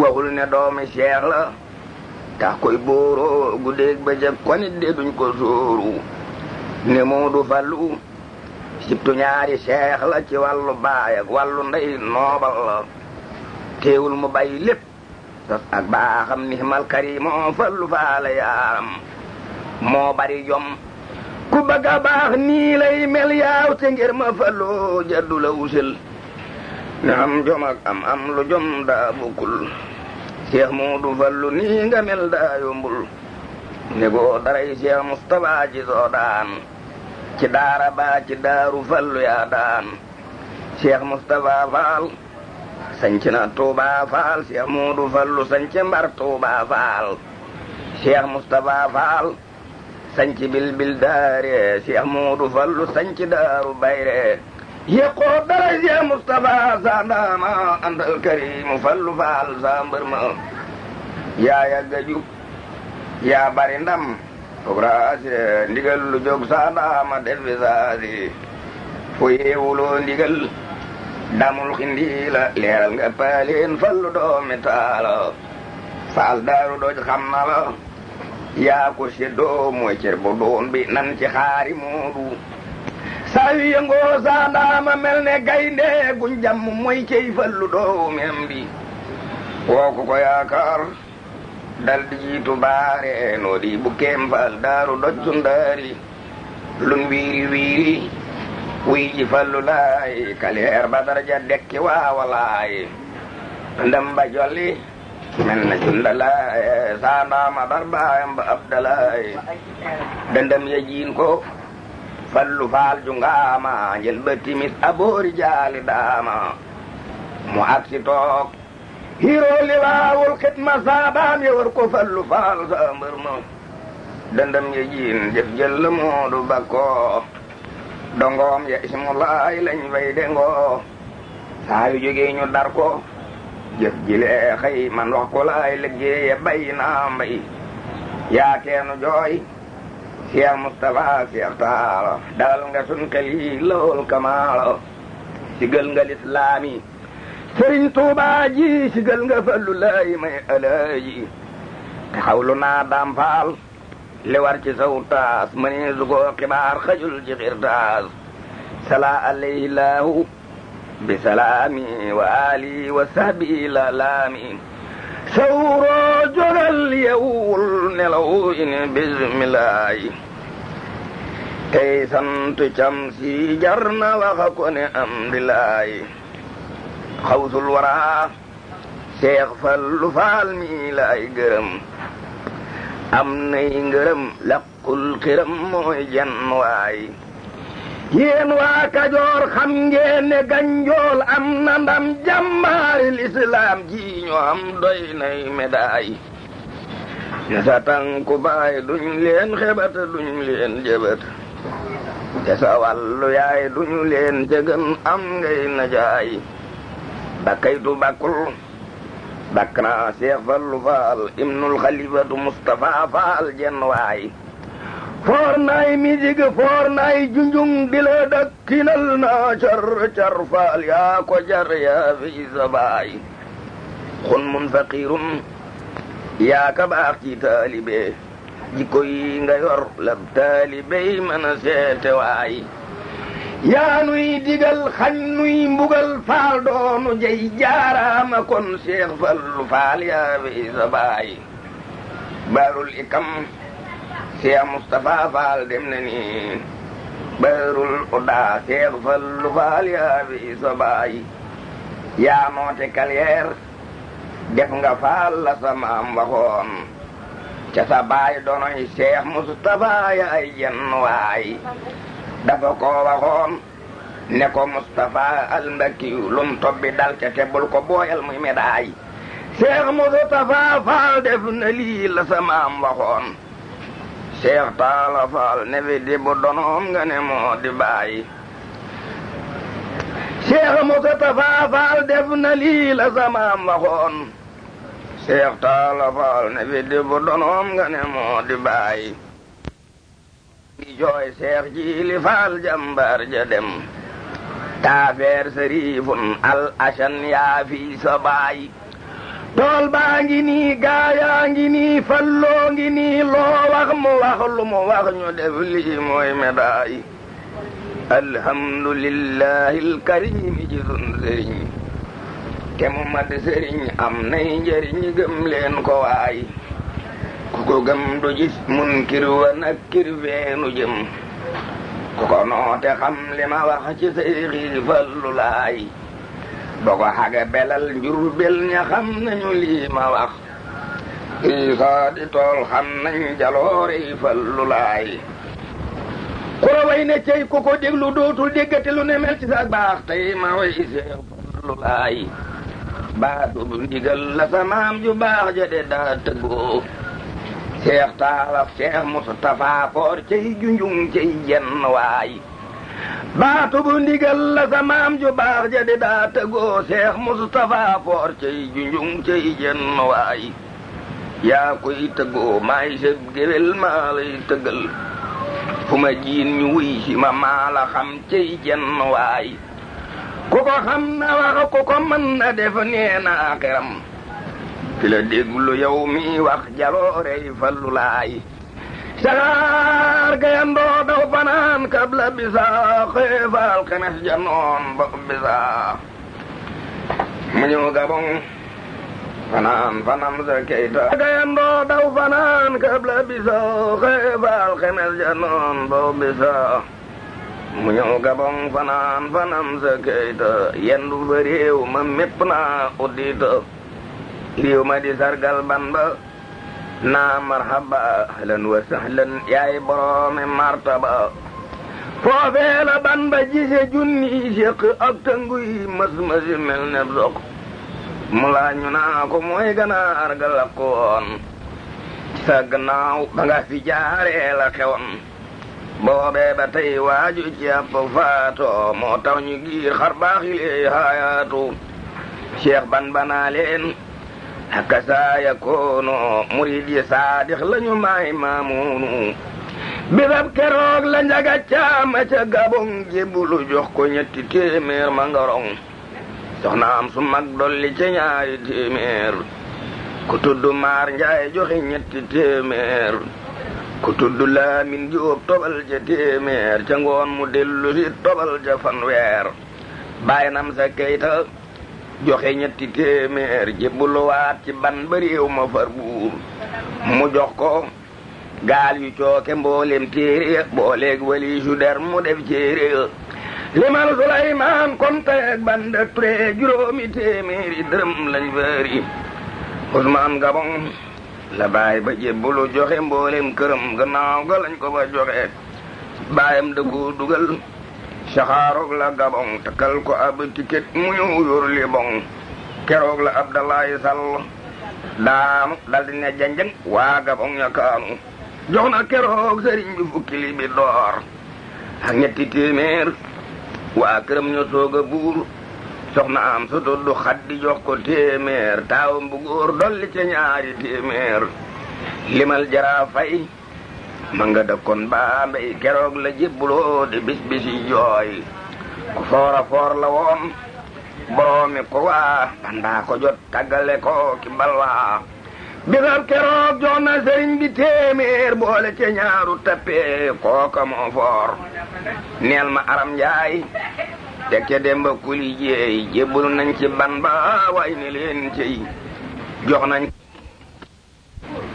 waxul ne doomi seex la tax koy booroo guddeeg ba jëkk konit de duñ ko sóoru ne moodu fallu sibtu ñaari seex la ci wàllu baay ak wàllu ndey noobal teewul mu bay lépp tos ak baaxam ni mal karimoo fallu faala moo bari jom ku bëgg a baax nii mel yaaw te ma fallu jaddu la wusil ne am jom am am lu jom daa bokkul seex mu du fallu nii nga mel daa yombul ne goo daray seex Mustapha ci soodaan ci daara ba ci daaru fallu yaa daan cheikh moustapha faal sanc na tuuba faal cheikh muudu fallu sanc mbar tuuba faal cheikh moustapha faal sanc bilbil daare cheikh muudu fallu sanc daaru bayre yëqoo dara cheikh moustapha sa andal karimu fallu faal sa mbër yaa yàgga jub yaa bari obraase ndigal lu jóg saanaama def bi saasi fu damul xindi leeral nga paaleen fallu doomi taala saal daaru doj yaa ko seddoo mooy cer bu doon bi nan ci xaari moodu saa yu mel ne gaynde guñ jàmm fallu doomi am bi ko yaakaar daldi jiitu baare noodi bukkeem faal daaru doccundaari dekki waawa laayi ndamba jolli men na cunda laaye saandaama darbaayam ba abda laayi dandam yejiin fallu faal jungaama njel ba timis aboori jaali daama mu aksi toog hiiroo li waawul xidma saabaam ya war fallu faal saa ma dandam ya jiin jëf jël la moodu bakkoo dongoom ya ismulaay lañ fay dengoo saa yu jëf jilee man wax ko laay liggéeye bay naa mbay yaa teenu jooy Cheikh Moustapha Cheikh Taala dalal nga sun xel yi lool kamaalo sigal nga lislaam sëriñ Tuubaa ji sigal nga fallu laay may alaaji te daam faal li war ci taas ma ni su koo xibaar xajul ci xirtaas sala alayhi bi salaami wa ali wa sahbi la laami sawroo jogal yewul nelaw in bismillaahi tey sant cam si jar ko ne am di laayi xawsul wara seex fallu faal mi laay gërëm am nay ngërëm laqul xiram mooy jan waay yéen waa kajoor xam ngeen ganjool am na ndam islaam ji ñu am doy nay médaay ne sa tànku baay duñ leen xebat duñ leen jëbat te sa wàllu yaay duñu leen am ngay najaay bakkaytu bakkul bakk naa Cheikh Fallou Fall ibnul xalifatu Moustapha Fall jenn waay foor naay musique foor naay junjung di dakkinal naa car car faal yaa ko jar fi sa baay xun mun baax ci taalibe jikko yi nga yor la taalibe yi seete waay yaa nuy digal xañ nuy mbugal faal doonu jey jaaraama kon seex fallu faal yaa fi sa baay baarul ikam seex mustapha faal dem na baarul udaa seex fallu faal yaa fi sa baay yaa noote kalyeer def nga faal la sa maam waxoon ca sa baay doonoy seex mustapha yaay jenn dafa ko waxoon ne ko Moustapha al Mbakiyu lum tobbi dal ca te ko booyal muy médaille. Cheikh Moustapha Fall def na lii la waxoon. Cheikh Talla Fall ne fi di donoom nga ne moo di di jooy seex jiili faal jàmbaar ja dem taafeer sariifun al ashan yaa fi sa baay ngi nii gaayaa ngi nii falloo ngi nii loo wax mu wax lu mu wax ñu def lii mooy médaay alhamdulillahi alkarimi ji sun sëriñ te mu mat am nay njëriñ gëm leen ko waay ku ko ko noote xam li wax ci say xiifallu laay ba ko xaga belal njur ña xam nañu lii wax isaa di tool xam nañ jaloore fallu laay ku la ne cey ku ko déglu dootul déggati lu ne mel ci baax tey ma way seex fallu laay baatu ndigal la sa ju baax ja de daa tëggoo cheikh taalaf cheikh Moustapha foor cey junjung cey yenn waay baatu bu ndigal la sa ju baax ja di daa tëggoo cheikh Moustapha foor cey junjung cey yenn waay yaa koy tëggoo maay sëb géwél maa lay fu ma jiin ñu wuy si ma maa xam cey jenn waay ku ko xam na wax ku ko mën na def nee na ki la déglu yow mi wax jaloorey fallu laay saxaar ga yandoo fanaan kabla bisaa xeefaal xenes ja noon ba bisaa mu ñëw gabon fanaan fanaan sa keyta yendu fa réew ma mépp naa uddita liiw ma di sargal Bamba naa marhaba ahlan wa sahlan yaay boroomi martaba foofee la ban junni séq ak tënguy mas-masi mel ne sok mu laa naa ko mooy ganaar ga lakkoon ci sa gannaaw ba fi jaaree la xewoon ba tey waaju ci àpp faatoo moo tax ñu giir xar baaxi lee xaayaatu Cheikh leen haka saa yakoonu murid yi saadix lañu maay maamuunu bisab keroog la njaga caama ca gabon jébulu jox ko ñetti téeméer ma ngorong soxna am su mag dolli ca ñaari téeméer ku tudd maar njaay joxe ñetti téeméer ku tudd laamin jóob tobal ca téeméer ca ngoon mu dellu si tobal ca fanweer bàyyi nam sa keyta joxe ñetti téeméer jébbuluwaat ci ban ba réew ma far buur mu jox ko gaal yu cooke mboolem téere ya booleeg der mu def téere ya limal Sulaymaan kon teeg ban da Touré dërëm lañ fari Ousmane Gabon la baay ba jébbulu joxe mboolem këram gannaaw ga lañ ko ba joxe baayam da ko saxaaroog la gabon takkal ko ab ticket mu ñu yor li keroog la Abdalaay Sall daanu dal ne janjan waa gabon ña kaanu jox keroog sëriñ bi fukki bi door ak ñetti waa këram ña soog a buur soxna am su tuddu xaddi jox ko téeméer taawam bu góor dolli ca ñaari téeméer limal jara ma nga dëkkoon ba mbay keroog la jébbuloo di bis bisi jooy ku foora foor la woon boroomi ku waa pandaa ko jot tàggale ko ki balwaa bisab keroog jox na sëriñ bi téeméer boole ca ñaaru tappee kooka moo foor neel ma aram njaay teg ca kuli jeey jébbalu nañ ci ba way ni leen ciy jox nañ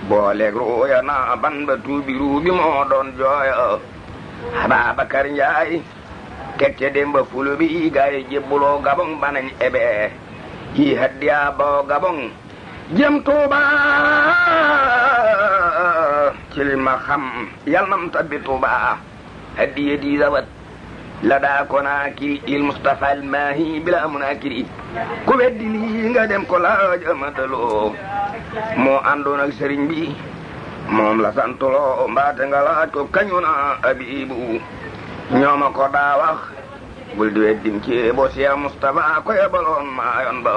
booleeg ruuya na ban ba tuubi moo doon jooya xanaa Bakar Njaay teg ca dem ba fulu bi gaa yi jébbuloo gabon banañ ebe yi haddiya boo gabon jëm tuuba ci li yal nam tabbi haddiya di zawat لدى كوناكري المصطفى الماهي بلا مناكري ku weddi lii nga dem ko laaj amataloo moo àndoon sëriñ bi moom la santuloo mbaate nga laaj ko kañuna abibu ñooma ko daa wax bul ci bo Cheikh Moustapha ko yebaloon maayoon ba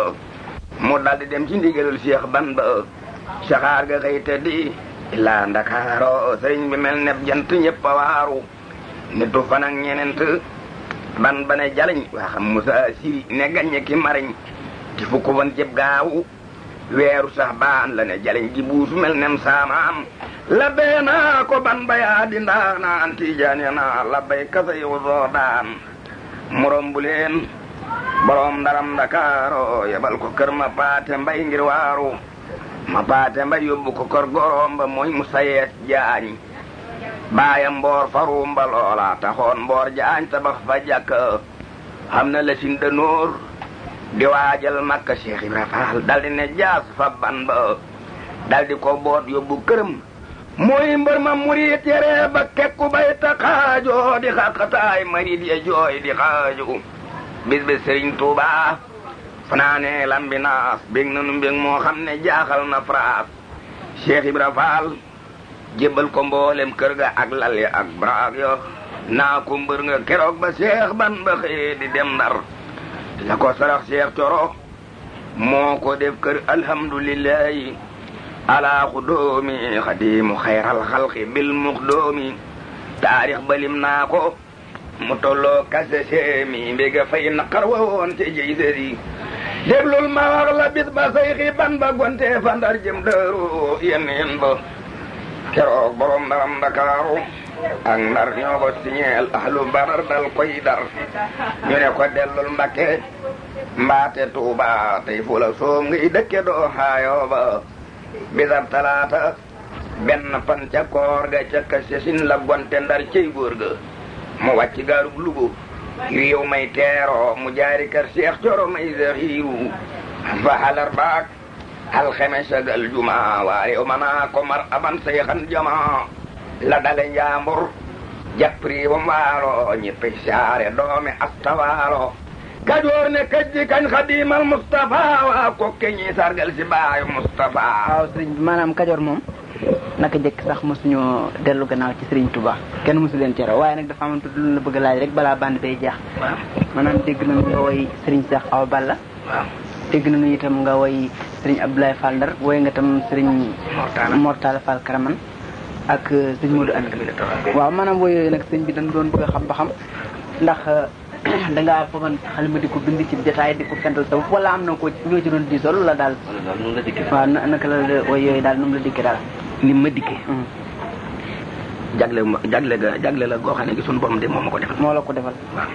mu daldi dem ci ndigalul Cheikh ban ba saxaar ga xëy tëddi ilaa Ndakaaro sëriñ bi mel ne jant ñëpp a waaru nit du fan ak ñeneent ban ba ne jalañ waa xam musa ne gaññe ki mariñ ci fukk fan cëb gaawu weeru sax baan la ne jaleñ gi mel nem saamaam la beena ko ban bayaa di tiijaan ya la bay kasa yow soo daan morom ndaram ndakaaro yebal ko kër ma paate mbay ngir waaru ma paate mbay yóbbu ko kor gorom ba mooy musa yees jaañ baayam mboor farum ba loola taxoon mboor jaañ tabax fa jàkk xam na la sin danóor di waajal makka Cheikh Ibra Faal daldi ne jaas fa ban ba daldi ko boot yóbbu këram mooy mbër ma murit yere ba kekku bay ta xaajo di xaqataay marit ya jooy di xaajo bis bi Sëriñ Tuubaa fanaane lambinaas bég nanu mbég moo xam ne jaaxal na fraas Cheikh Ibra Faal jébbal ko mboolem kër ga ak lal ya ak braak yo naa ko mbër nga keroog ba seex ban ba xëyee dem ndar la ko sarax seex coro moo ko def kër alhamdulillahi ala xudoomi xadimu xayral xalqi bil muxdoomi taarix balim naa ko mu tolloo kase seemi mbéga fay naqar wa woon te jey sëri déglul ma wax la bis ba sayxi ban ba gonte fa ndar jëm dëru yenn yen ba keroog borom ndaram Ndakaaru ak ndar ñoo siñeel ahlu badar dal koy dar ñu ne ko dellul Mbakke mbaate Tuuba tey fu la soom ngiy doo xaayoo ba bisab talaata benn fan ca ga ca kasesin la gonte ndar cey góor ga mu wàcc gaarug lugu yiw may teeroo mu jaari kër Coro may Zahiru fa xalar baak alxemes ak aljuma waaye manaa mar aban seexan jama la dale njaambur jappri wam waalo ñippi saare doomi asta waalo kajoor ne kajji kañ xadiimal Mustafa waa ko keñi sargal si baayu Mustafa waaw maanaam kajoor moom naka jëkk sax mosuñu dellu gannaaw ci Serigne Touba kenn mosu leen cere waaye nag dafa amoon tudd lu la bëgg laaj rek balaa band bay jeex maanaam dégg nañu nga woy Serigne Cheikh Awa Balla dégg nañu itam nga woy sëriñ Abdoulaye Fall Ndar wooye nga tam sëriñ Mortala Fall Karaman ak euh, sëriñ Modou Anta waaw maanaam wooy yooyu nag sëriñ bi dañ doon bëgg a xam ba xam ndax euh, da ngaa faman xalima di ko bind ci détail sa bopp am na ko ñoo ci doon la daal waaw la wooy yooyu daal la dikkee daal ni ma dikkee mm. jagle ma jagle ga jagle la goo xam ne gi suñu borom de moo ma ko defal moo la ko defal waaw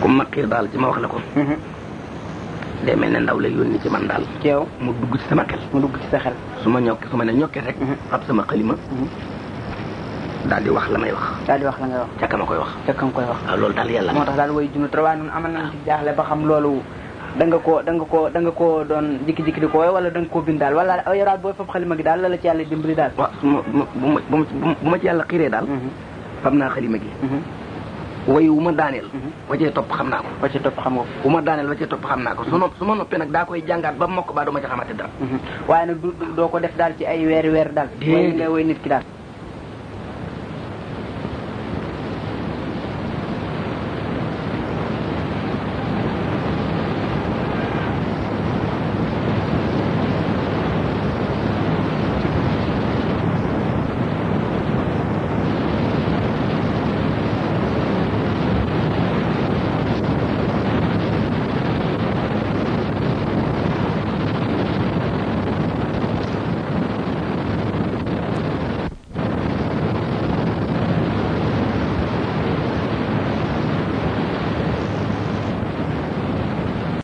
ma mm-hmm. maqir daal ci ma wax la ko mm-hmm. day mel ne ndaw la yónni ci man daal. ceew mu dugg ci sama xel. mu dugg ci sa xel. su ma ñokk su ma ne ñokkee rek. Mm-hmm. ab sama xalima. Mm-hmm. daal di wax la may wax. daal di wax la ngay wax. ca ka ma koy wax. ca koy wax. waaw loolu daal yàlla. moo tax daal way junne trop waaye ñun amal nañu ah. ci jaaxle ba xam loolu. da nga koo da nga koo doon jikki-jikki di ko wala da nga koo bind daal wala yow daal booy fab xalima gi daal la la ci yàlla dimbali daal. ma bu ma bu ma ci yàlla xiiree daal. Mm-hmm. fab naa xalima gi. way wu ma daaneel mhm. topp xam naa ko wa topp xam nga wu ma daaneel wa cee topp xam naa ko su ma mhm. su ma noppee nag daa koy ba mokk baa ma ci xamante dara mhm. waaye nag doo ko def daal ci ay weer weer daal way nga way nit ki daal